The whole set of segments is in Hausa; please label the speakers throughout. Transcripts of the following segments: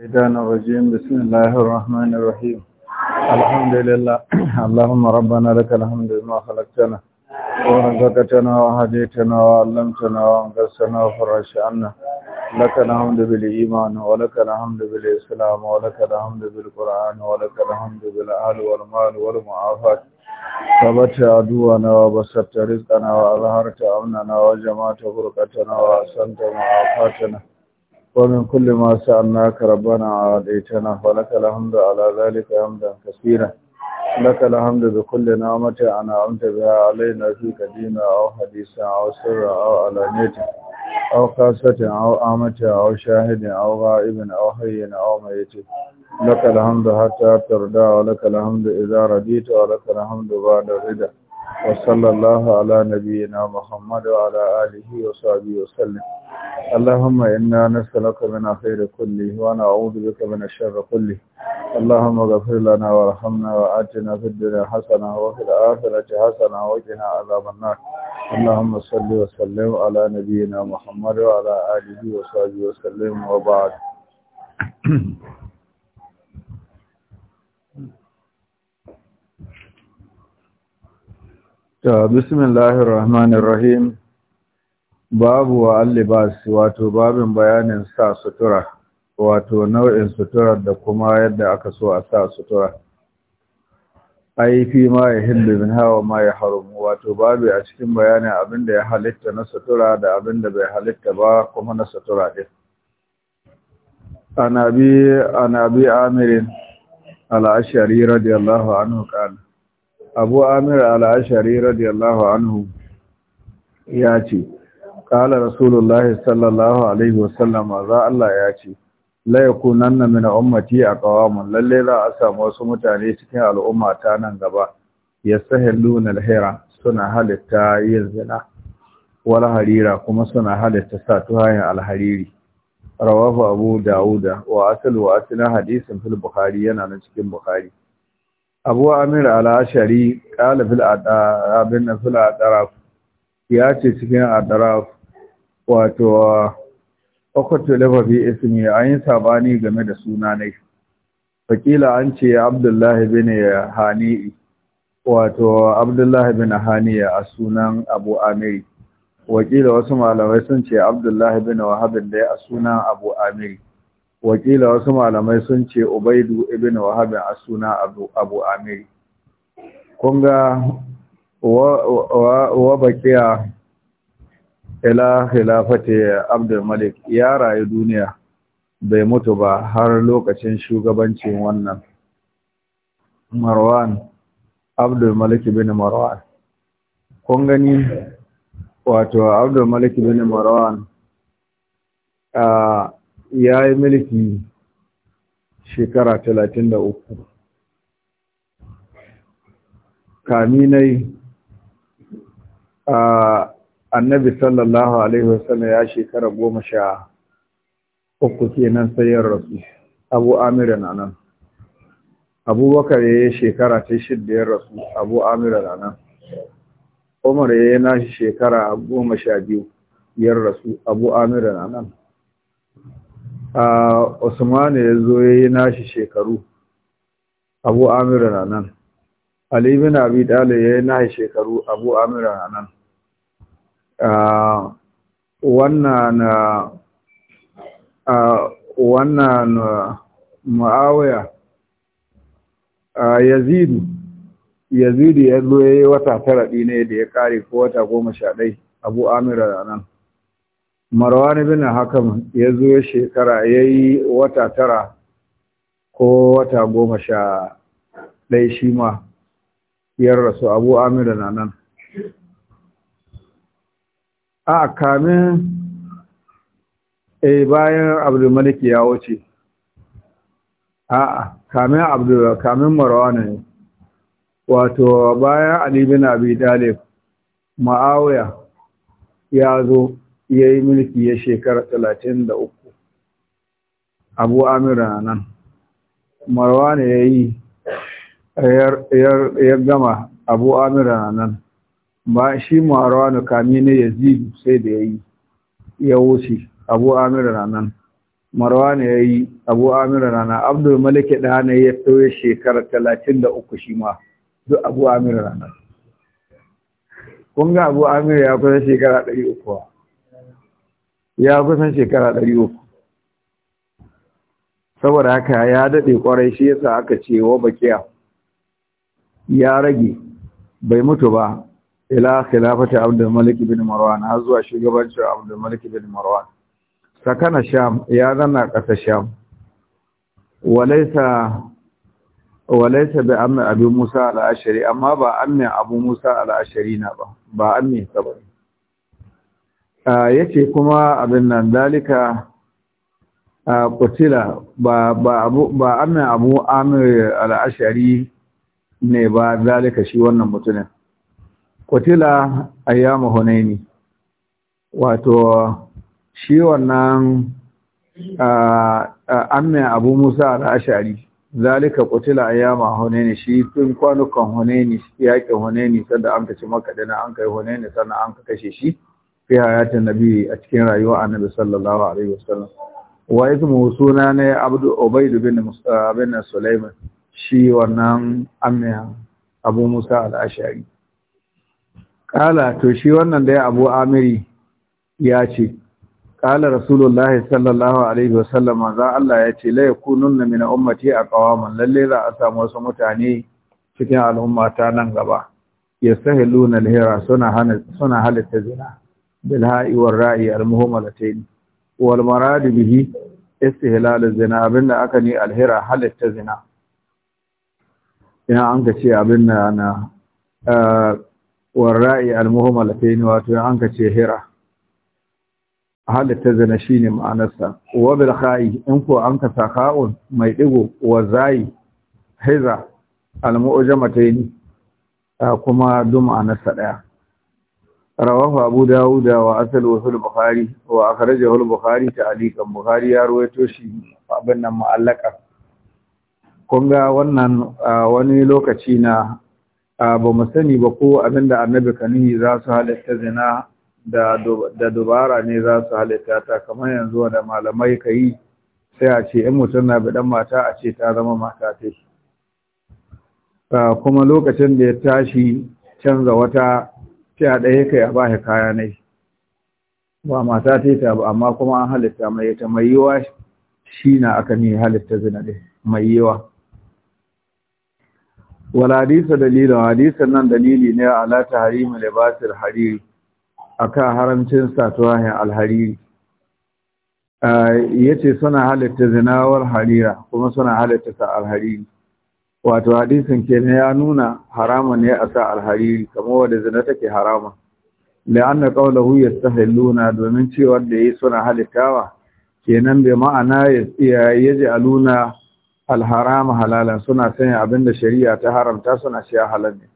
Speaker 1: الشيطان الرجيم بسم الله الرحمن الرحيم الحمد لله اللهم ربنا لك الحمد ما خلقتنا ورزقتنا وهديتنا وعلمتنا وانقذتنا وفرشنا لك الحمد بالإيمان ولك الحمد بالإسلام ولك الحمد بالقرآن ولك الحمد بالأهل والمال والمعافاه ثبت عدونا وبسطت رزقنا وأظهرت أمننا وجمعت فرقتنا وأحسنت معافاتنا ومن كل ما سألناك ربنا عاديتنا ولك الحمد على ذلك حمدا كثيرا لك الحمد بكل نعمة أنا أنعمت بها علينا في قديم أو حديثة أو سر أو علانية أو قاسة أو آمة أو شاهد أو غائب أو حي أو ميت
Speaker 2: لك الحمد
Speaker 1: حتى ترضى ولك الحمد إذا رديت ولك الحمد بعد رضا وصلى الله على نبينا محمد وعلى آله وصحبه وسلم اللهم إنا نسألك من خير كله ونعوذ بك من الشر كله اللهم اغفر لنا وارحمنا وآتنا في الدنيا حسنة وفي الآخرة حسنة وقنا عذاب النار اللهم صل وسلم على نبينا محمد وعلى
Speaker 2: آله وصحبه
Speaker 1: وسلم وبعد bismillahir rahmanir rahim babu wa allibas wato babin bayanin sa sutura wato nau'in sutura da kuma yadda aka so a sa sutura ai fi ma ya min hawa ma ya haramu wato babu a cikin bayanin abinda ya halitta na sutura da abinda bai halitta ba kuma na sutura din anabi anabi amirin al-ashari radiyallahu anhu kana abu amir al'ashari radiyallahu anhu ya ce ƙala rasulullah sallallahu alaihi wasallama za Allah ya ce layakunan na mina ummati a ƙawamun lalle za a samu wasu mutane cikin al'umma ta nan gaba ya sahilu na lahira suna halitta yin zina wal harira kuma suna halitta sa tuhayen alhariri Rawafu abu dawuda wa asali wa asalin hadisin fil bukhari yana na cikin bukari. abu amir al-ashari qala fil na fil adaraf ya ce cikin adaraf wato a ƙwakwato lafafi ismi an yi sabani game da suna ne fakila an ce abdullahi bin hani wato abdullahi bin hani a sunan abu amir wakila wasu malamai sun ce abdullahi bin wahabin da a sunan abu amir wakila wasu malamai sun ce ubaidu ibn wahab a suna abu amiri kun ga wa bakiya ila khilafati abdul malik ya rayu duniya bai mutu ba har lokacin shugabancin wannan marwan abdul malik ibn marwan kun gani wato abdul malik ibn marwan a ya yi mulki shekara talatin da uku kaminai a annabi sallallahu alaihi wasallam ya shekara goma sha uku kenan sayar rasu abu amiran anan abubakar ya yi shekara ta shidda ya rasu abu na anan umar ya yi nashi shekara goma sha biyu ya rasu abu na anan Usman ya zo ya yi nashi shekaru Abu na nan Ali bin Abi ya yi nashi shekaru Abu na nan wannan wannan Yazidu ya Yazid ya zo yi wata tara ne da ya kare ko wata goma sha ɗai Abu na nan marwan ibn hakam ya zo shekara ya yi wata tara ko wata goma sha ɗai shi ma yar rasu abu amira na nan a kamin e bayan abdulmalik ya wuce a'a kamin abdul kamin marwan ne wato bayan ali bin abi talib ma'awiya ya zo ya yi mulki ya shekara talatin da uku abu amira nan ne ya yi ya gama abu amira nan ba shi marwana kami ne ya zidu sai da ya yi ya wuce abu amira nan ne ya yi abu amira nan abdul malik ɗana ya tsaye shekara talatin da uku shi ma duk abu amira nan kun ga abu amira ya kusa shekara ɗari uku ya kusan shekara ɗari uku saboda haka ya daɗe ƙwarai shi ya sa aka ce wa bakiya ya rage bai mutu ba ila khilafati abdul malik bin marwan har zuwa shugabancin abdul malik bin marwan sakana sham ya zanna ƙasa sham walaisa walaisa bi amma abu musa al-ashari amma ba amma abu musa al-ashari na ba ba amma saboda yace kuma abin nan dalika kutila ba amin abu ba amma amir ne ba dalika shi wannan mutunan kutila ayyamu hunaini wato shi wannan amin abu musa al-ashari zalika kutila ayyama hunaini shi tun kwanukan hunaini yaƙin hunaini sanda an kace maka an kai hunaini sannan an kashe shi fi hayatin nabi a cikin rayuwa annabi sallallahu alaihi wasallam wa ismu suna ne abdu ubaid bin musa bin sulaiman shi wannan amiya abu musa al-ashari kala to shi wannan da ya abu amiri ya ce kala rasulullahi sallallahu alaihi wasallam za Allah ya ce la yakununna min ummati aqwaman lalle za a samu wasu mutane cikin al'umma ta nan gaba yastahiluna al-hira suna hana suna halatta zina بالهاء والراء المهملتين والمراد به استهلال الزنا ابن أكني الهرى حل التزنا ina an ka ce abin na na warra'i almuhammalatain wato an ka ce hira halitta zina shine ma'anarsa wa bil kha'i in ko an ka saka'un mai digo wa zai hiza almu'jamatain kuma dum ma'anarsa daya رواه abu داود wa asalu البخاري واخرجه wa تعليقا البخاري bukhari ta'liqan bukhari ya rawaito shi abin nan kun wannan wani lokaci na ba mu sani ba ko abinda annabi kanihi za su halatta zina da da dubara ne za su halatta ta kamar yanzu da malamai kai sai a ce in mutum na bi dan mata a ce ta zama mata ce kuma lokacin da ya tashi canza wata sai a ɗaya kai a ba shi kaya shi ba mata ta yi ba amma kuma an halitta mai ita mai yiwa shi na aka ne halitta zina ɗin mai yiwa wala hadisa dalilin hadisa nan dalili ne a ala tahrimu libasir hariri a akan haramcin satuwahin alhariri Ya ce suna halitta zinawar harira kuma suna halitta sa alhariri wato hadisin kenan ya nuna harama ne a sa alhariri kamar wadda zina take harama la'anna qawluhu yastahilluna domin cewa da yi suna halittawa kenan bai ma'ana ya aluna alharama halalan suna sanya abinda shari'a ta haramta suna shi halal ne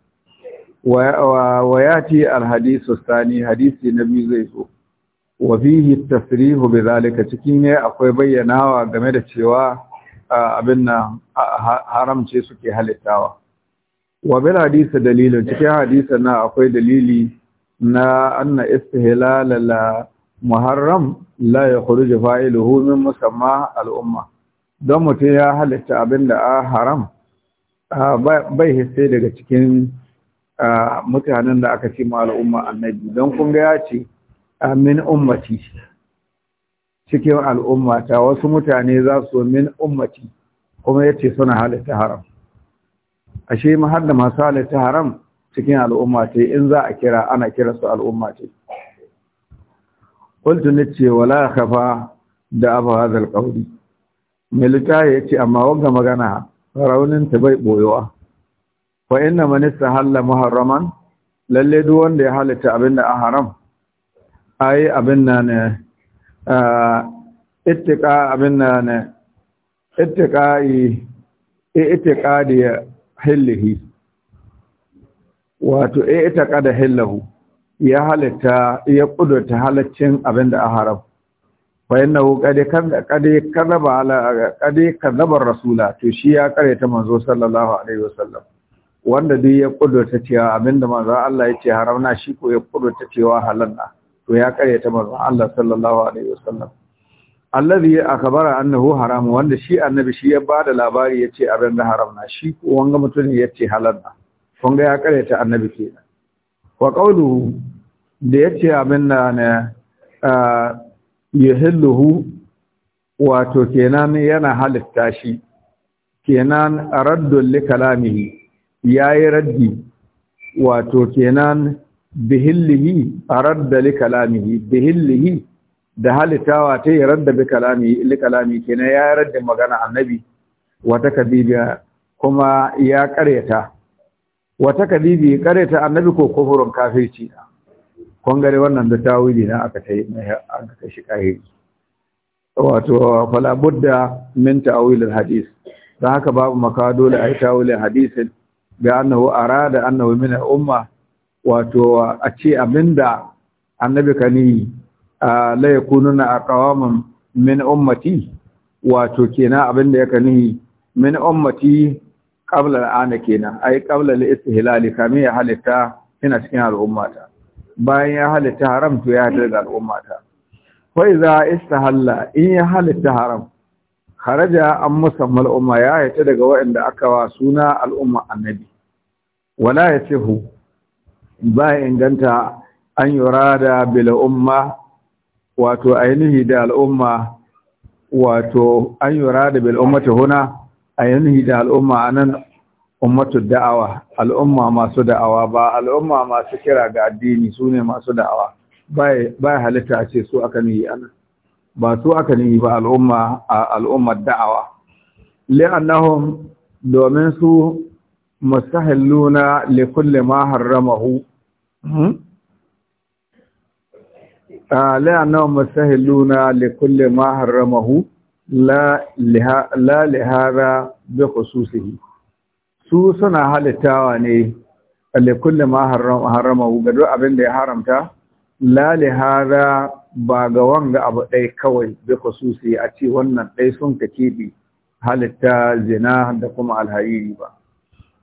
Speaker 1: wa yati alhadisu thani hadisi nabi zai so wa fihi at-tasrihu bidhalika cikin ne akwai bayyanawa game da cewa abin haram ce suke halittawa wa bil hadisa dalilin cikin hadisa na akwai dalili na anna istihlal la muharram la ya kuri min musamma musamman al'umma. don mutum ya halitta abin da a haram bai hisse daga cikin mutanen da aka ce ma al'umma annabi don kunga ya ce min ummaci cikin al'ummata wasu mutane za su min ummati kuma ya ce suna halitta haram ashe mahar da masu halitta haram cikin al'ummata in za a kira ana kira su al'ummata ƙultu ce wala kafa da abu hazal ƙauri milita ya ce amma wanga magana rauninta bai ɓoyewa wa inna manista halla muharraman lalle duk wanda ya halitta abin a haram ai abin na ne ittika abin nan ittiqai ya hillihi wato da hillahu ya halitta ya kudurta halaccin abin da a haram fayannahu kade kade kadaba ala kade kadabar rasula to shi ya kareta manzo sallallahu alaihi wasallam wanda duk ya kudurta cewa abinda manzo Allah ya ce haram na shi ko ya kudurta cewa halal to ya karyata manzon Allah sallallahu alaihi wasallam allazi akbara annahu haram wanda shi annabi shi ya bada labari yace abin da haram na shi ko wanga mutum yace halal na kun ga ya karyata annabi kenan wa qawlu da yace abin da na yuhilluhu wato kenan yana halitta shi kenan raddul likalamihi kalamihi yayi raddi wato kenan bihillihi a radda li kalamihi bihillihi da halittawa ta yi radda bi kalami li kenan ya radda magana annabi wata kadibiya kuma ya karyata wata kadibi karyata annabi ko kufurun kafirci na. wannan da tawili na aka yi aka kai shi wato falabudda min tawilin hadis haka babu makawa dole a yi tawilin hadisin bi annahu arada annahu min al-umma wato a ce abinda annabi kani kununa a kawamin min ummati wato kenan abinda ya kani min ummati qabla al'ana kenan a ai qabla al hilali kamin ya halitta ina cikin al'ummata bayan ya halitta haram to ya halitta al'ummata za a isa istahalla in ya halitta haram Haraja an musamman al'umma ya yace daga waɗanda aka wa suna al'umma annabi wala hu ba inganta an yurada bil umma wato ainihi da al'umma wato an yurada bil ummati huna ainihi da al'umma anan ummatu da'awa al'umma masu da'awa ba al'umma masu kira ga addini sune masu da'awa ba halitta ce su aka nihi anan ba su aka nihi ba al'umma al'ummar da'awa li'annahum domin su mustahilluna li kulli ma harramahu لأنهم مستهلون لكل ما حرمه لا لهذا بخصوصه su suna halittawa ne likulli ma haramahu ga duk abin da ya haramta la lihara ba ga wanga abu ɗai kawai bi khususi a ce wannan ɗai sun ka keɓe halitta zina da kuma alhariri ba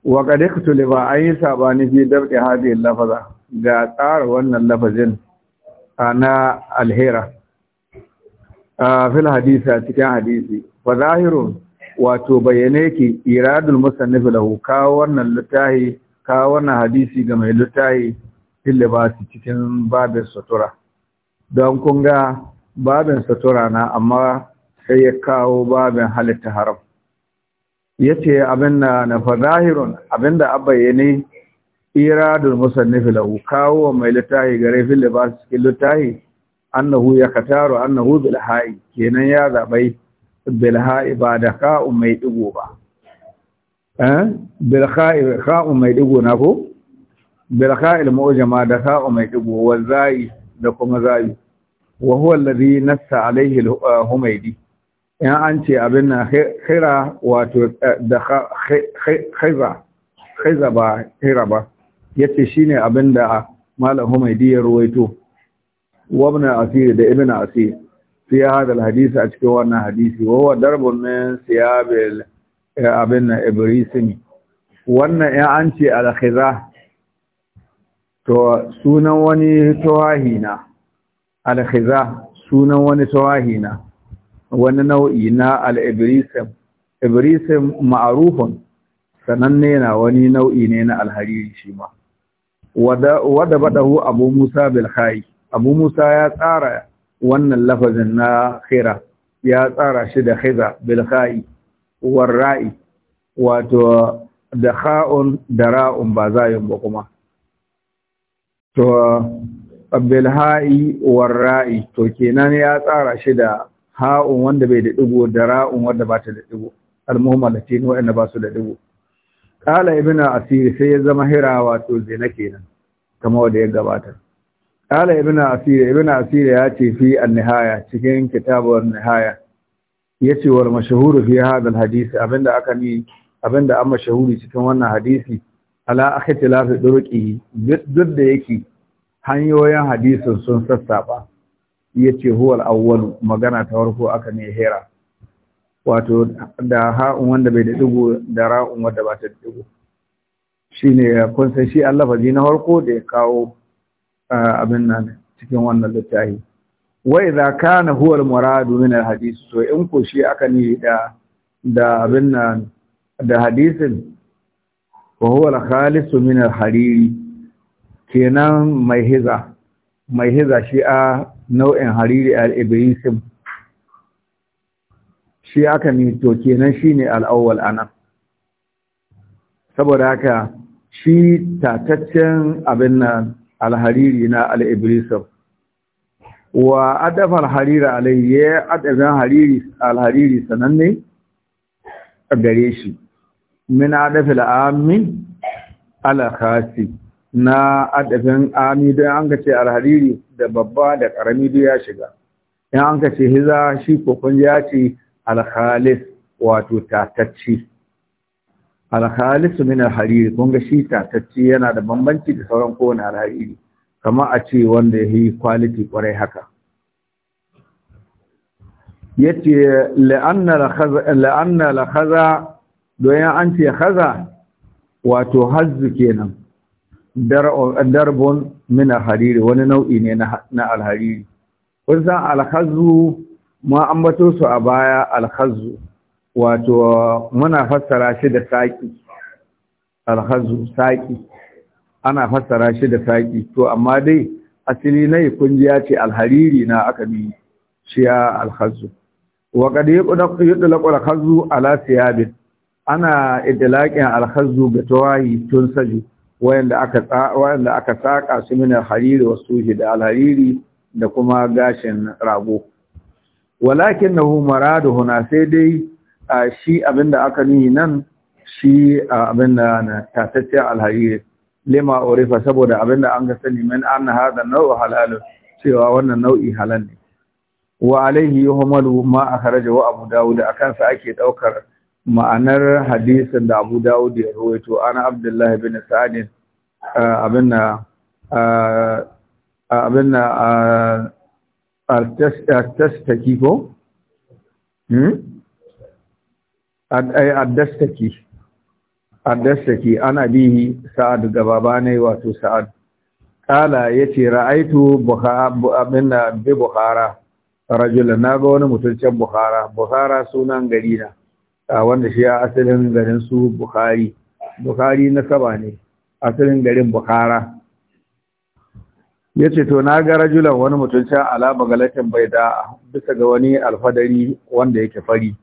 Speaker 1: wa qad iktuliba an yi sabani fi dab'i hadhihi lafaza ga tsara wannan lafazin ana alhera fil hadisi a cikin hadisi fa zahiru wato bayyane ki iradul musannif lahu kawo wannan littahi kawo wannan hadisi ga mai littahi fil libasi cikin babin sutura don kunga ga babin sutura na amma sai ya kawo babin halitta haram Ya ce abin na na fadahirun abin da abayyane iradul musannif lahu kawo mai littahi gare ba libas cikin litahi annahu yakataru annahu bilha'i. ha'i kenan ya zabai bil ha'i ba da ka'u mai digo ba Bilha'i eh? bil ha'i ka'u mai digo na ko bil ha'il mu'jama da ka'u mai digo wa zai da kuma zai wa huwa alladhi nassa alaihi al eh, in an ce abin na hira wato eh, da haiza ba hira ba ya ce shi ne abin da malam humaydi ya ruwaito wabna asiri da ibina asiri ya hada hadisi a cikin wannan hadisi darbun huwa darbun min siyabil eh, abin na ne wannan in an ce al-khiza to sunan wani tawahina al-khiza sunan wani tawahina wani nau'i na al-ibrism ma’arufin sananne na wani nau'i ne na alhariri shi ma wada abu musa Bilhari, abu musa ya tsara wannan lafazin na khira ya tsara shi da khiza Bilhari, ra'i wato da ha’un da ra'un ba ba kuma to Bilhari, ra'i to kenan ya tsara shi da ha'un wanda bai da digo da ra'un wanda ba ta da digo al-muhammalatin wanda ba su da digo qala ibnu asir sai ya zama hira wato zina kenan kama wanda ya gabata qala ibnu asir ibnu asir ya ce fi an-nihaya cikin kitabun nihaya yace war mashhuru fi hada al abinda aka ni abinda an mashahuri cikin wannan hadisi ala akhtilafi durqi duk da yake hanyoyin hadisin sun sassaba yace huwal awwalu magana ta warko aka ne hera wato da ha'un wanda bai da ɗigo da ra'un wanda ba ta digo Shi ne san shi Allah lafazi na farko da ya kawo abin nan cikin wannan littafi Wai za ka huwa al-muradu min hadisu? so to in ko shi aka ne da abin nan da hadisin wa huwa al-khalisu min hariri kenan mai hiza mai hiza shi a nau'in hariri al-ibrisim shi aka mito kenan shi ne al’awwal ana saboda haka shi tataccen abin nan Alhariri na al’ibirisim wa adafar Hariri alayye adafin hariri alhariri hariri sananne gare shi min adafil amin ala khasi na adafin ami don an gace Al'hariri? da babba da karami duk ya shiga in an ka ce hiza shi kokon ya ce alhalis wato tatacci alhalis min alhariri kun ga shi tatacci yana da bambanci da sauran kowane alhariri kama a ce wanda ya yi kwaliti kwarai haka yace la'anna la khaza doyan an ce khaza wato hazzu kenan darbun min alhariri wani nau'i ne na alhariri kun san alhazu ma an bato su a baya alhazu wato muna fassara shi da saƙi alhazu saƙi ana fassara shi da saƙi to amma dai asili na ya ce alhariri na aka bi shi ya alhazu wa qad yutlaqu alhazu ala siyabin ana idlaqin alhazu ga tawahi tun saju wayanda aka saka su min al-hariri wa suji da al da kuma gashin rago Walakin humara maradu huna sai dai shi abinda aka nuni nan shi abinda na tatacce al-hariri lima urifa saboda abinda an ga sani min anna hada nau'u halalu cewa wannan nau'i halal ne wa alaihi yuhmalu ma akhrajahu abu dawud a kansa ake daukar ma'anar hadisin da Abu Dawud ya rawaito ana Abdullahi bin Sa'id ah, abinna ah, abinna ah, artastaki ko hmm eh, addastaki addastaki ana bihi Sa'ad gababa ne wato Sa'ad kala yace ra'aitu bukhara abinna bi bukhara rajulan naga wani mutum can bukhara bukhara sunan gari na wanda shi ya asalin garin su Bukhari Bukhari nasaba ne asalin garin Bukhara ya ce to na ga rajulan wani mutum can alaba galatin bai da bisa ga wani alfadari wanda yake fari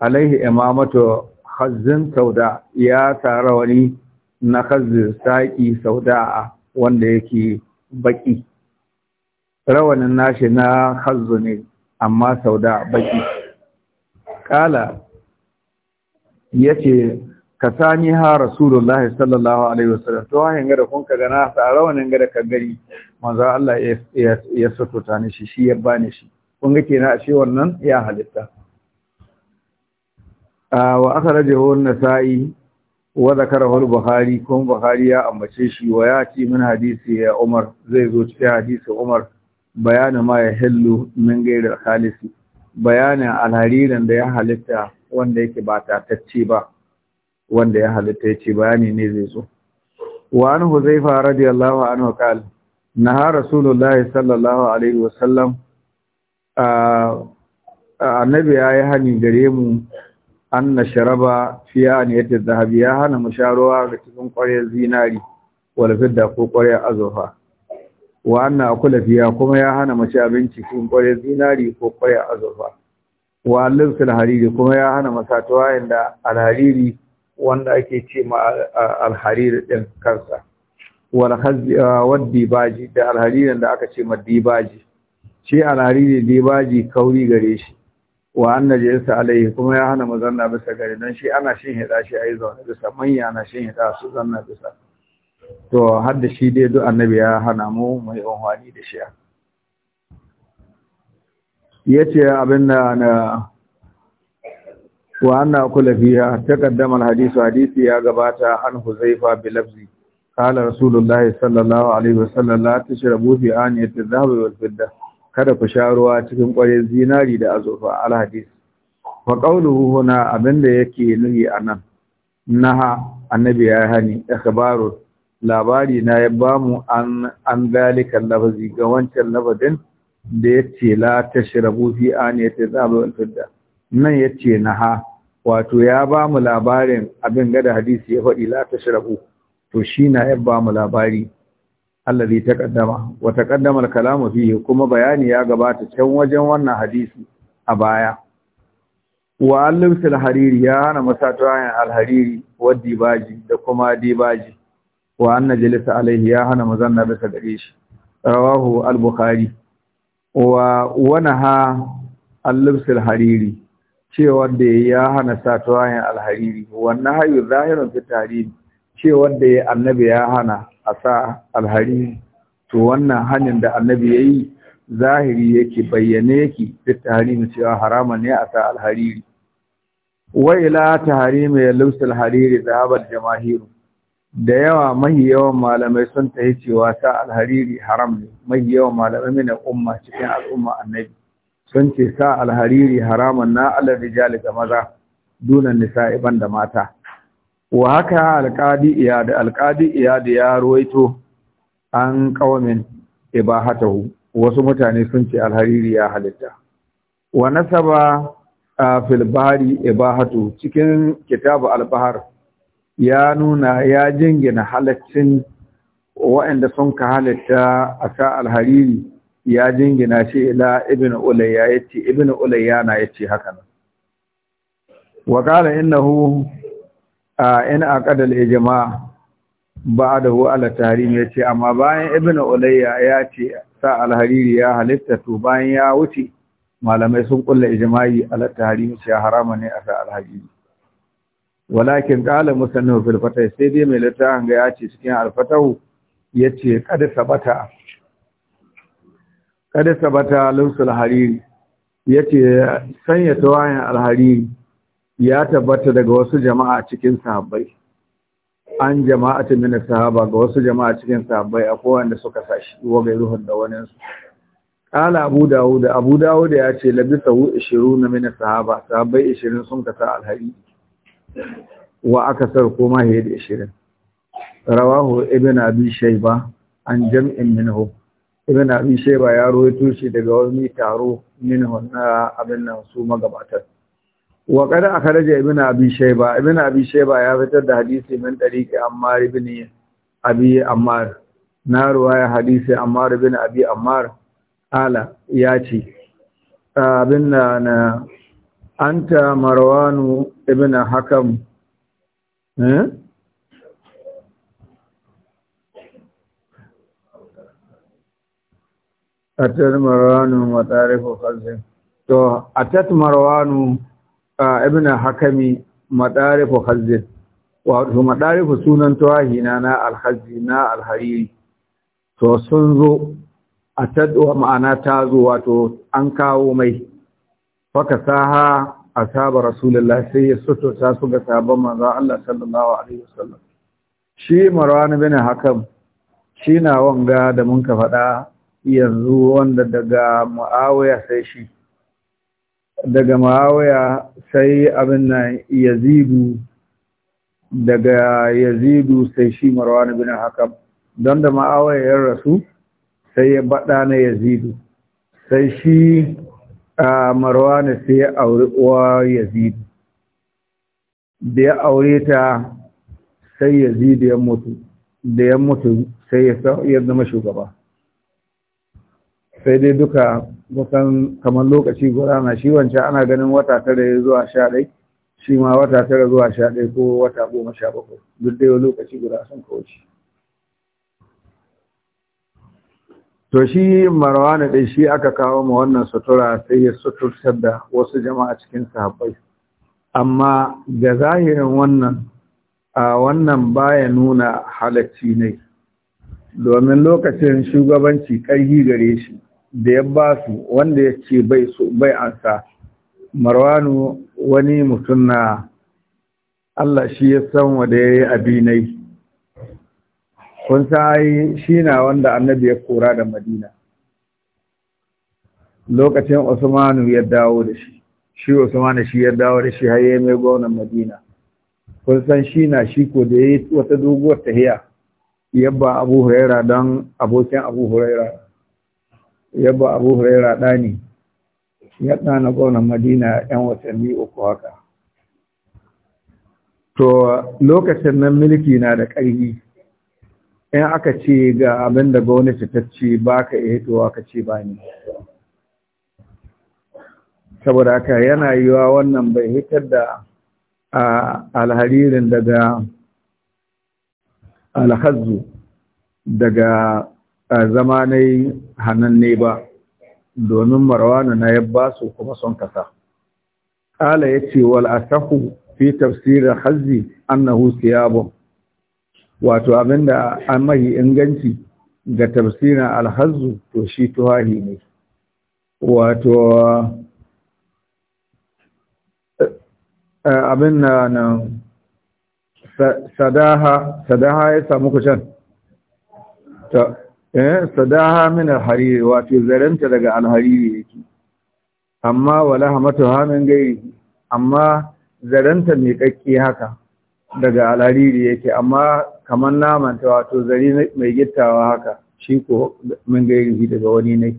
Speaker 1: alaihi imamatu khazzin sauda ya tara wani na khazzin saƙi sauda wanda yake baƙi. rawanin nashi na khazzu ne amma sauda baƙi. kala yace ka sani ha rasulullahi sallallahu alaihi wasallam to ha ga da kun ka gana sa rawanin ga da ka gari manzo Allah ya ta ni shi shi ya bani shi kun ga kenan a ce wannan ya halitta wa akhrajahu an-nasa'i wa dhakarahu al-bukhari kun bukhari ya ambace shi wa ya ci min hadisi ya umar zai zo cikin hadisi umar bayanin ma ya hallu min gairar khalisi bayanin al-hariran da ya halitta wanda yake ba tatacce ba wanda ya halitta yace bayani ne zai zo wa an huzaifa radiyallahu anhu qala naha rasulullahi sallallahu alaihi wasallam annabi yayi hani gare mu an fiya fi yadda zahabi ya hana mu sharuwa ga cikin ƙwaryar zinari wal fidda ko ƙwaryar azurfa wa anna akula fiya kuma ya hana mu ci abinci cikin ƙwaryar zinari ko ƙwaryar azurfa wa lubsul hariri kuma ya hana masatuwa inda alhariri wanda ake ce ma alhariri din kansa wal khazbi ah, wa dibaji da alharirin da aka ce ma dibaji shi alhariri dibaji kauri gare shi wa anna jinsa alaihi kuma ya hana mazanna bisa gare don shi ana shin hida shi ayi zaune bisa manya ana shin hida su zanna bisa to har da shi dai duk annabi ya hana mu mai unhwani da shi yace abin da na wa anna kula fiha taqaddama hadisu hadisi ya gabata an huzaifa bi lafzi qala rasulullah sallallahu alaihi wasallam la tashrabu fi aniyati dhahab wal fidda kada ku sha ruwa cikin kwarin zinari da azufa alhadis wa qawluhu huna abinda yake nuhi anan naha annabi ya hani ikhbaru labari na ya bamu an an lafazi ga wancan lafazin da ya ce la ta shirabu fi a zabul fidda nan ya ce "Na ha" wato ya ba mu labarin abin gada hadisi ya faɗi la ta shirabu to shi na ya ba mu labari zai taƙaddama wa taqaddama kalamu fi kuma bayani ya gabata can wajen wannan hadisi a baya wa allimsul hariri ya hana masatoyan al-hariri wa dibaji da kuma dibaji wa anna alaihi ya hana mazanna bisa gare shi rawahu al-bukhari wa wanaha ha hariri cewa da ya hana sa tuwayen alhariri wannan hayu zahirin fi tarihi cewa da annabi ya hana a sa alhariri to wannan hanyar da annabi ya yi zahiri yake bayyane yake fi tarihi cewa harama ne a sa alhariri wa ila harima ya hariri hariri zahabar jamahiru da yawa mahi yawan malamai sun ta cewa sa alhariri haram ne mahi yawan malamai mina umma cikin al'umma annabi sun ce sa alhariri haramun na alar rijali ga maza dunan iban da mata wa haka alƙadi iyad alƙadi iyad ya ruwaito an qaumin ibahatahu wasu mutane sun ce alhariri ya halitta wa nasaba fil bahri ibahatu cikin kitabu albahar. ya nuna ya jingina halaccin wa'anda sun ka halitta a sa alhariri ya jingina shi ila ibn ulayya ya ce ibn ulayya na ya ce haka nan wa kala innahu a in a ƙadal ijma ba da hu ala tarim ya ce amma bayan ibn ulayya ya ce sa alhariri ya halitta to bayan ya wuce malamai sun kulla ijma'i ala tarim shi harama ne a sa alhariri walakin qala musannu fil fatah sai dai mai littafin ga ya ce cikin alfatahu yace kad sabata kad sabata lumsul hariri yace sanya tawayan alhariri ya tabbata daga wasu jama'a cikin sahabbai an jama'atu min sahaba ga wasu jama'a cikin sahabbai akwai wanda suka sashi wa ruhun da wani su Kala Abu Dawud, Abu Dawud ya ce labisahu 20 min sahaba, sahabbai 20 sun kasa Al-Hariri." wa akasar ko ma hiye da ishirin rawahu ibn abi shayba an jam'in minhu ibn abi shayba ya rawaito shi daga wani taro minhu na abin nan su magabatar wa qad akhraja ibn abi shayba ibn abi shayba ya fitar da hadisi min tariqi ammar ibn abi ammar na ruwaya hadisi ammar ibn abi ammar ala ya ce abin na anta marwanu ibn hakam eh atat marwanu matarifu khazin to atat marwanu ibn hakami matarifu khazin wato matarifu sunan tawahi na na alhazi na alhariri to sun ma'ana ta zo wato an kawo mai faka saha asaba rasulullah sai ya suturta su ga sabon manzon Allah sallallahu alaihi wasallam shi marwan bin hakan shi na wanga da mun ka faɗa yanzu wanda daga muawiya sai shi daga muawiya sai abin nan yazidu daga yazidu sai shi marwan bin hakam don da ya rasu sai ya baɗa na yazidu sai shi marwana sai ya auri uwa yazid da ya aure ta sai Yazidu ya mutu da ya mutu sai ya zama shugaba sai dai duka kusan kamar lokaci gurana shi wancan ana ganin wata tara zuwa sha ɗai shi ma wata tara zuwa sha ɗai ko wata goma sha bakwai duk dai lokaci guda sun kawo shi to shi marwana dai shi aka kawo ma wannan sutura sai ya suturtar da wasu jama'a cikin sahabbai amma ga zahirin wannan a wannan baya nuna halacci ne domin lokacin shugabanci ƙarfi gare shi da ya ba su wanda ya ce bai su bai ansa marwanu wani mutum na Allah shi ya san da ya yi abinai kun sai shi na wanda annabi ya kora da madina lokacin usmanu ya dawo da shi shi usmanu shi ya dawo da shi har ya mai gwamnan madina kun san shi na shi ko da ya yi wata doguwar tahiya yabba abu huraira don abokin abu huraira yabba abu huraira ɗani ya ɗana gwamnan madina yan watanni uku haka to lokacin nan mulki na da ƙarfi in aka ce ga abin da gwamnati ta ce ba ka iya hitowa ka ce ba ne saboda aka yana yi wa wannan bai hitar da alharirin daga alhazzu daga zamanai hannanne ba domin marwana na ya ba su kuma son kasa ƙala ya ce wal'asahu fi tafsirin hazi annahu siyabun wato abinda an mahi inganci ga tafsirin alhazu to shi tuhahi ne wato eh, abin na nan sadaha sadaha ya samu kucan ta eh sadaha min alhariri wato zaranta daga alhariri yake amma wala hamatuha min gai. amma zaranta mai kakki haka daga alhariri yake amma kamar naman ta wato zari mai gittawa haka shi ko mun ga gairi daga wani ne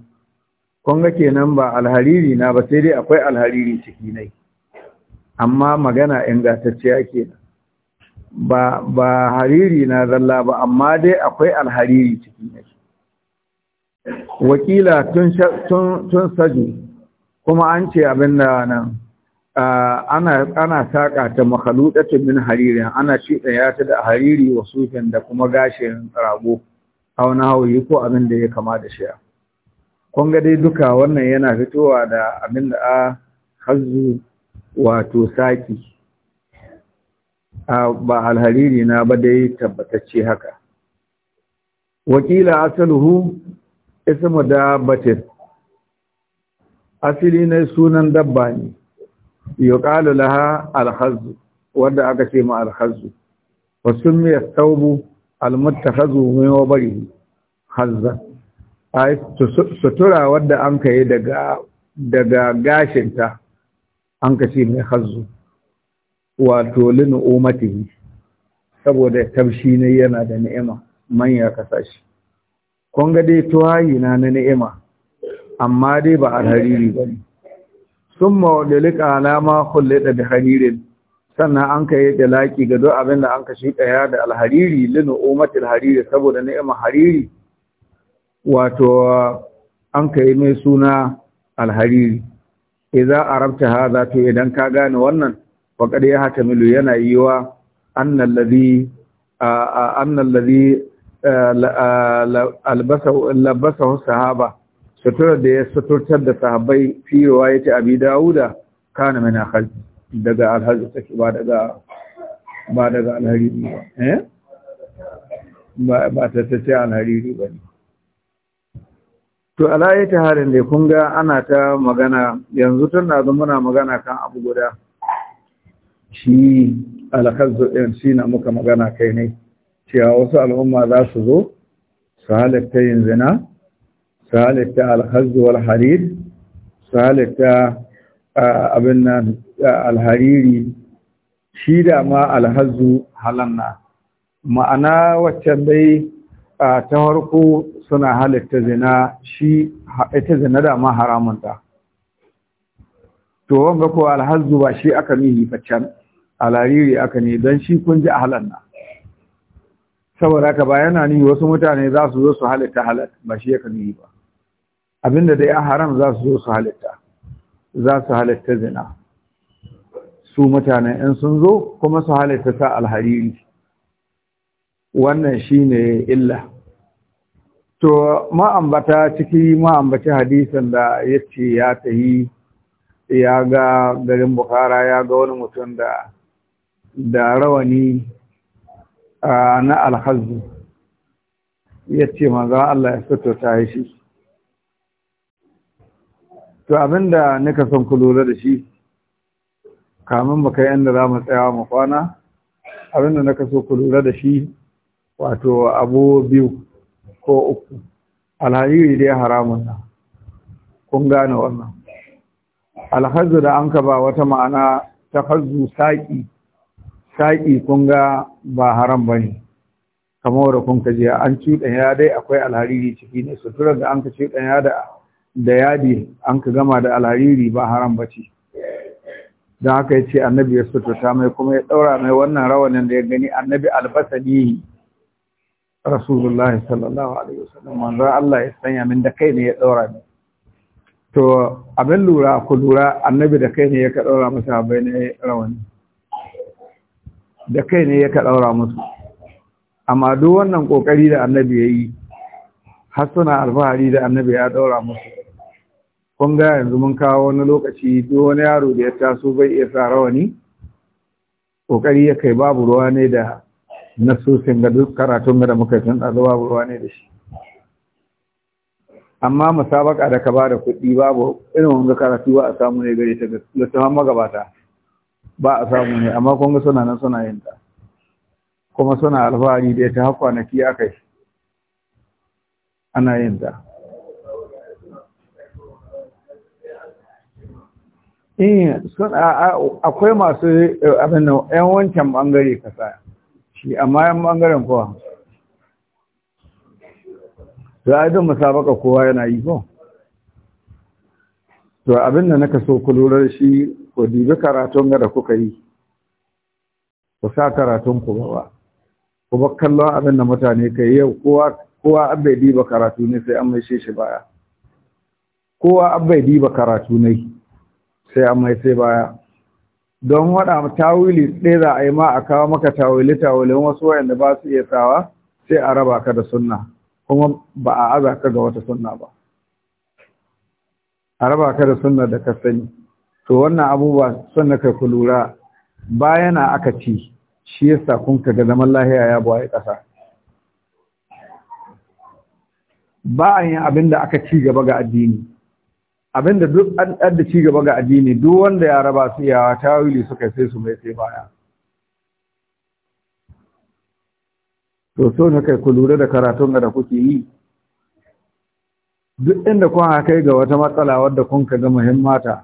Speaker 1: kun ga kenan ba alhariri na ba sai dai akwai alhariri ciki ne amma magana ingantacciya kenan ba ba hariri na zalla ba amma dai akwai alhariri ciki ne wakila tun tun saju kuma an ce abin da nan ana saƙa ta makhluqatun min haririn ana shiɗaya ta da hariri wa sufin da kuma gashin rago a wani hauyi ko abin da ya kama da shiya kun ga dai duka wannan yana fitowa da abin da a hazu wato saƙi ba alhariri na ba dai tabbatacce haka wakila asaluhu ismu da batir. asili na sunan dabba ne yuqalu laha al-khazz aka ce ma al-khazz wa sumiya thawbu al-muttakhazu min wabarihi khazza ai sutura wanda an kai daga daga gashinta an ka ce mai hazzu wato linu umatihi saboda tabshi ne yana da ni'ima manya kasa shi kun ga dai tuwayi na na ni'ima amma dai ba alhariri ba ne sun na alama kulle da haririn sannan an ka yi dalaki ga duk abin da an ka shi ɗaya da alhariri lina umatul hariri saboda na'ima hariri wato an ka mai suna alhariri idza arabta hadha to idan ka gane wannan faqad ya yana yiwa anna alladhi anna alladhi albasa sahaba suturar da ya suturtar da sahabbai fi riwayati abi dauda kana mana al daga alhaji take ba daga ba daga alhari ba eh ba ba ta tace alhariri ba ne to ta harin da kun ga ana ta magana yanzu tun zo muna magana kan abu guda shi alhazu din shi na muka magana kai ne cewa wasu al'umma za su zo su halatta yin zina salita alhaz wal harir salita abin nan alhariri shi da ma alhazu halanna ma'ana waccan dai ta harko suna halitta zina shi ita zina da ma haramunta to wanga ko alhazu ba shi aka mihi faccan alhariri aka ne don shi kun ji a halanna saboda ka bayana yana ni wasu mutane za su zo su halitta halat ba shi aka mihi ba abinda da ya haram za su zo su halitta za su halitta zina su mutanen in sun zo kuma su halitta ta alhariri wannan shine illa to ma'ambata ciki ma'ambaci hadisan da ya ce ya tahi ya ga garin bukara ya ga wani mutum da da rawani na alhazu ya ce maza Allah ya fito ta shi to abinda nika son ku lura da shi kamin baka yi inda za mu tsaya mu kwana abinda nika so ku lura da shi wato abu biyu ko uku alhaji dai haramun nan kun gane wannan alhazu da an ka ba wata ma'ana ta hazu saƙi saƙi kun ga ba haram ba ne kamar da kun ka je an cuɗanya dai akwai alhariri ciki ne suturar da an ka cuɗanya da da yadi an ka gama da alhariri ba haram ba ce don haka ya ce annabi ya suturta mai kuma ya ɗaura mai wannan rawanin da ya gani annabi albasani rasulullah sallallahu alaihi wasallam manzan Allah ya sanya min da kai ne ya ɗaura mai to abin lura ku lura annabi da kai ne ya ka ɗaura masa bai ne rawani da kai ne ya ka ɗaura musu amma duk wannan ƙoƙari da annabi ya yi har suna alfahari da annabi ya ɗaura musu kun ga yanzu mun kawo wani lokaci duk wani yaro da ya taso bai iya sa rawani kokari ya kai babu ruwa ne da nasusin ga duk karatun da muka tun da babu ruwa ne da shi amma musabaka da ka bada kuɗi babu irin wanga karatu ba a samu ne gare ta littafin magabata ba a samu ne amma kun ga suna nan suna yin ta kuma suna alfahari da ta har aka akai ana yin ta Eh, akwai masu eh, abin yan wancan bangare kasa shi amma yan bangaren kowa a ra'adin musabaka kowa yana yi ko to abin da naka so ku lura shi ku dubi karatun da kuka yi ku sa karatun ku ba ku ba kallon abin da mutane ka yi yau kowa kowa abai diba karatu ne sai an mai shi baya kowa abai diba karatu ne sai amma sai baya don waɗa tawili ɗaya za a yi ma a kawo maka tawili tawilin wasu wayanda ba su iya sawa sai a raba ka da sunna kuma ba a aza ka ga wata sunna ba a raba ka da sunna da ka sani to wannan abubuwa sunna ka ku lura bayana aka ci shi yasa kun ka ga zaman lahiya ya ya ƙasa ba a yin abin da aka ci gaba ga addini abinda duk an da ci gaba ga addini duk wanda ya raba su ta tawili suka sai su mai sai baya to so na kai ku lura da karatun da kuke yi duk inda kun kai ga wata matsala wadda kun ka ga muhimmata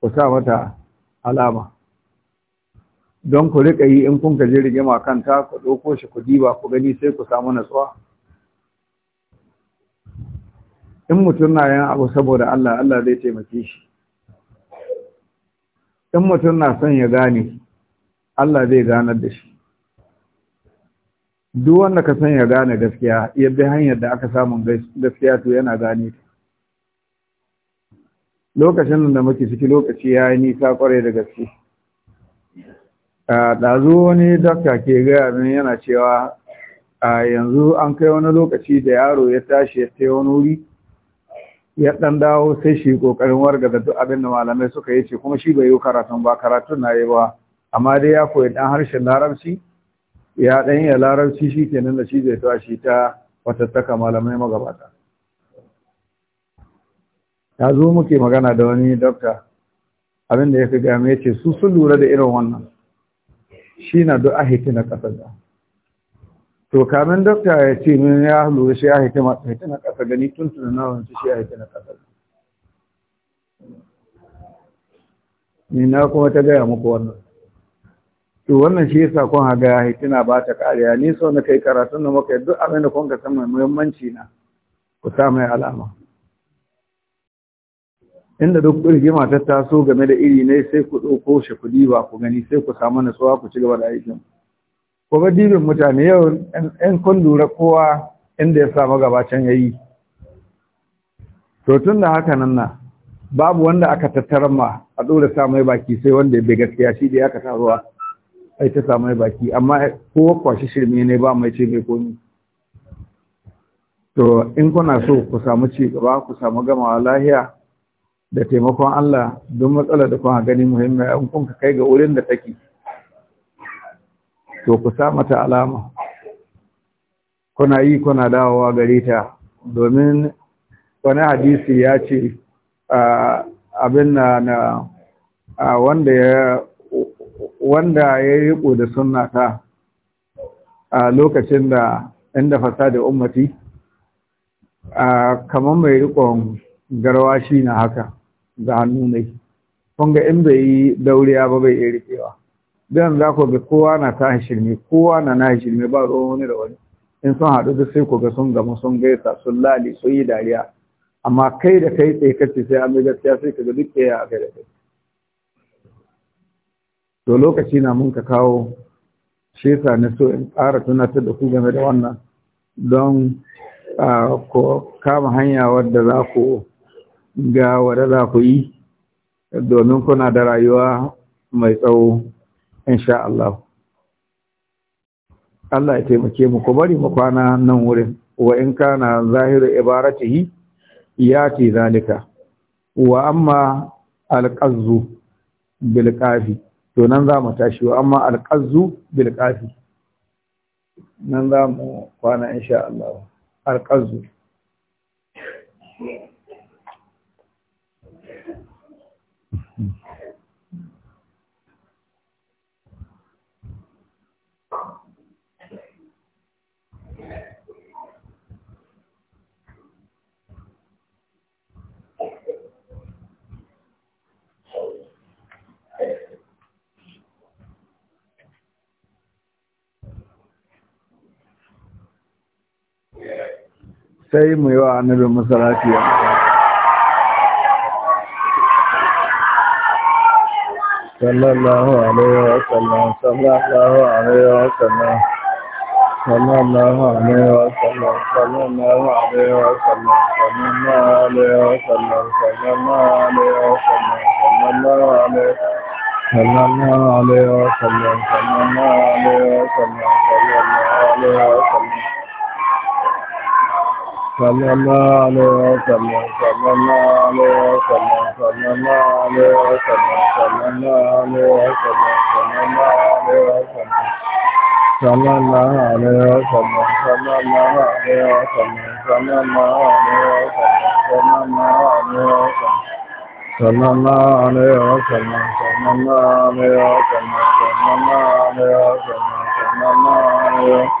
Speaker 1: ku sa mata alama don ku riƙa yi in kun ka je rigima kanta ku ɗauko shi ku diba ku gani sai ku samu natsuwa in mutum na yin abu saboda Allah Allah zai taimake shi in mutum na son ya gane Allah zai ganar da shi duk wanda ka son ya gane gaskiya yadda hanyar da aka samun gaskiya to yana gane lokacin da muke ciki lokaci ya yi nisa kwarai da gaske A ɗazu wani dokta ke gaya min yana cewa yanzu an kai wani lokaci da yaro ya tashi ya ta wani wuri ya ɗan dawo sai shi kokarin wargaza duk abin da malamai suka yi ce kuma shi bai yi karatun ba karatun na yi ba amma dai ya koyi ɗan harshen larabci ya ɗan yi larabci shi ke nan da shi zai tashi ta watattaka malamai magabata ya zo muke magana da wani dokta abin da ya fi game ya ce su sun lura da irin wannan shi na duk ahiti na ƙasar da to kamin dokta ya ce min ya lura shi ya haifi ta na ƙasa gani tun na wancan shi ya na ƙasa ni na kuma ta gaya muku wannan to wannan shi yasa kun haga na ba ta kariya ni so na kai karatun da muka duk abin da kun ka san mai muhimmanci na ku sa mai alama inda duk rigima ta taso game da iri ne sai ku ɗauko shi kuɗi ba ku gani sai ku samu nutsuwa ku ci gaba da aikin ku ko ba dibin mutane yau in kun lura kowa inda ya samu gabacin yayi to tun da haka nan na babu wanda aka tattara ma a ɗora samun mai baki sai wanda ya bi gaskiya shi da aka taruwa ai ta samun mai baki amma kowa kwashi shirme ne ba mai ce mai komi to in kuna so ku samu ci gaba ku samu gamawa lahiya da taimakon Allah don matsalar da kuma gani muhimmai an kun kai ga wurin da take to ku sa mata alama kuna yi kuna dawowa gare ta domin wani hadisi ya ce abin na na wanda ya wanda ya riko da a lokacin da inda da ummati kamar mai rikon garwashi na haka ga hannu ne kunga in bai yi dauriya ba bai iya rikewa dan za ku ga kowa na ta shirme kowa na na shirme ba ruwan wani da wani in sun haɗu duk sai ku ga sun gama sun gaisa sun lali sun yi dariya amma kai da kai tsaye kace sai an gaskiya sai ka ga duk ya akai da kai to lokaci na mun ka kawo shi yasa na so in ƙara tunatar da ku game da wannan don ko kama hanya wadda za ku ga wadda za ku yi domin kuna da rayuwa mai tsawo insha Allah Allah ya taimake mu ku bari mu kwana nan wurin wa in kana zahiru ibaratihi yati zalika wa amma alqazzu bil qafi to nan za mu tashi wa amma alqazzu bil qafi nan za mu kwana insha Allah alqazzu sai mu yi wa annabi musa ya sallallahu
Speaker 2: alaihi wa sallam sallallahu alaihi wa sallam sallallahu alaihi wa sallam sallallahu alaihi wa sallam sallallahu alaihi wa sallam sallallahu alaihi wa sallam sallallahu alaihi sallallahu alaihi wa sallam sallallahu alaihi wa sallam sallallahu alaihi wa sallam သမ္မာလေသမ္မာသမ္မာလေသမ္မာသမ္မာလေသမ္မာသမ္မာလေသမ္မာသမ္မာလေသမ္မာသမ္မာလေသမ္မာသမ္မာလေသမ္မာသမ္မာလေသမ္မာသမ္မာလေသမ္မာလေသမ္မာသမ္မာလေသမ္မာသမ္မာလေသမ္မာသမ္မာလေသမ္မာသမ္မာလေ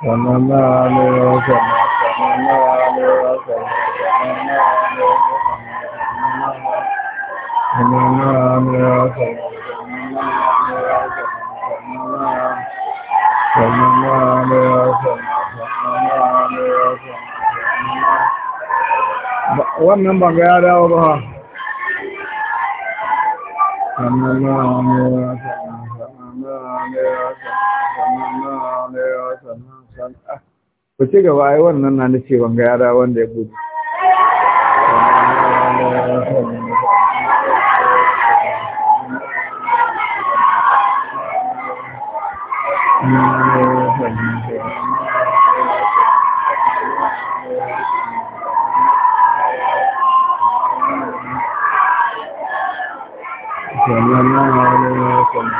Speaker 2: wannan ba ga ya dawo ba ha sannan na amurata sannan na amurata sannan na amurata
Speaker 1: ku ci gaba ai wannan na nace wanga yara wanda ya gudu
Speaker 2: Thank you.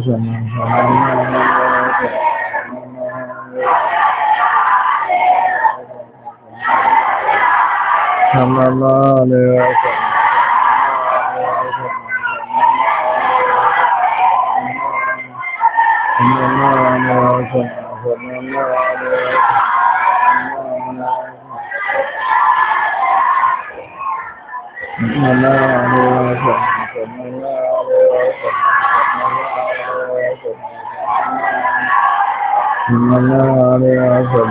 Speaker 2: Allah'a emanet Salam alaikum.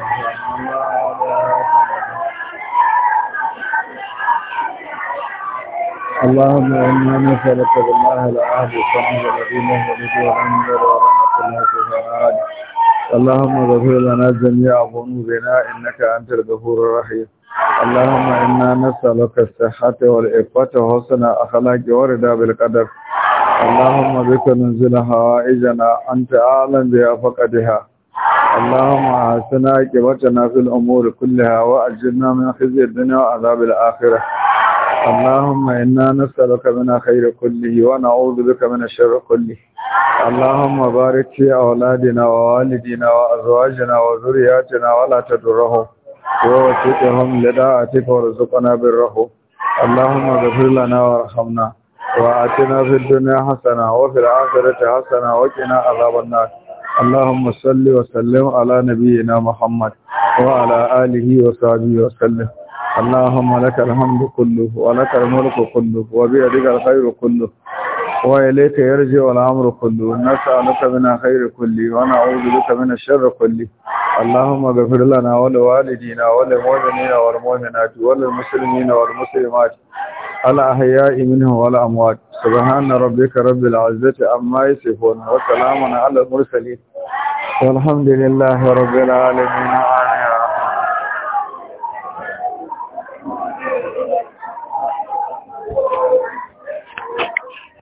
Speaker 2: اللهم إنا نسألك بالله العهد الصمد الذي له به ولم ورحمه الله يكن اللهم اغفر لنا جميع
Speaker 1: ذنوبنا إنك أنت الغفور الرحيم
Speaker 2: اللهم إنا نسألك
Speaker 1: الصحة والعفة وحسن الأخلاق ورضا بالقدر اللهم بك ننزل حوائجنا أنت أعلم بها فقدها اللهم أحسن عاقبتنا في الأمور كلها وأجرنا من خزي الدنيا وعذاب الآخرة اللهم إنا نسألك من خير كله ونعوذ بك من الشر كله
Speaker 2: اللهم
Speaker 1: بارك في أولادنا ووالدنا وأزواجنا وذرياتنا ولا تدره
Speaker 2: ووفقهم
Speaker 1: لداعتك ورزقنا بره اللهم اغفر لنا وارحمنا
Speaker 2: وآتنا
Speaker 1: في الدنيا حسنة وفي الآخرة حسنة وقنا عذاب النار اللهم صل وسلم على نبينا محمد وعلى آله وصحبه وسلم اللهم لك الحمد كله ولك الملك كله وبيدك الخير كله وإليك يرجع الأمر كله نسألك من خير كله ونعوذ بك من الشر كله اللهم اغفر لنا ولوالدينا وللمؤمنين والمؤمنات وللمسلمين والمسلمات الأحياء منهم والأموات سبحان ربك رب العزة عما يصفون وسلام على المرسلين والحمد لله رب العالمين
Speaker 2: آمين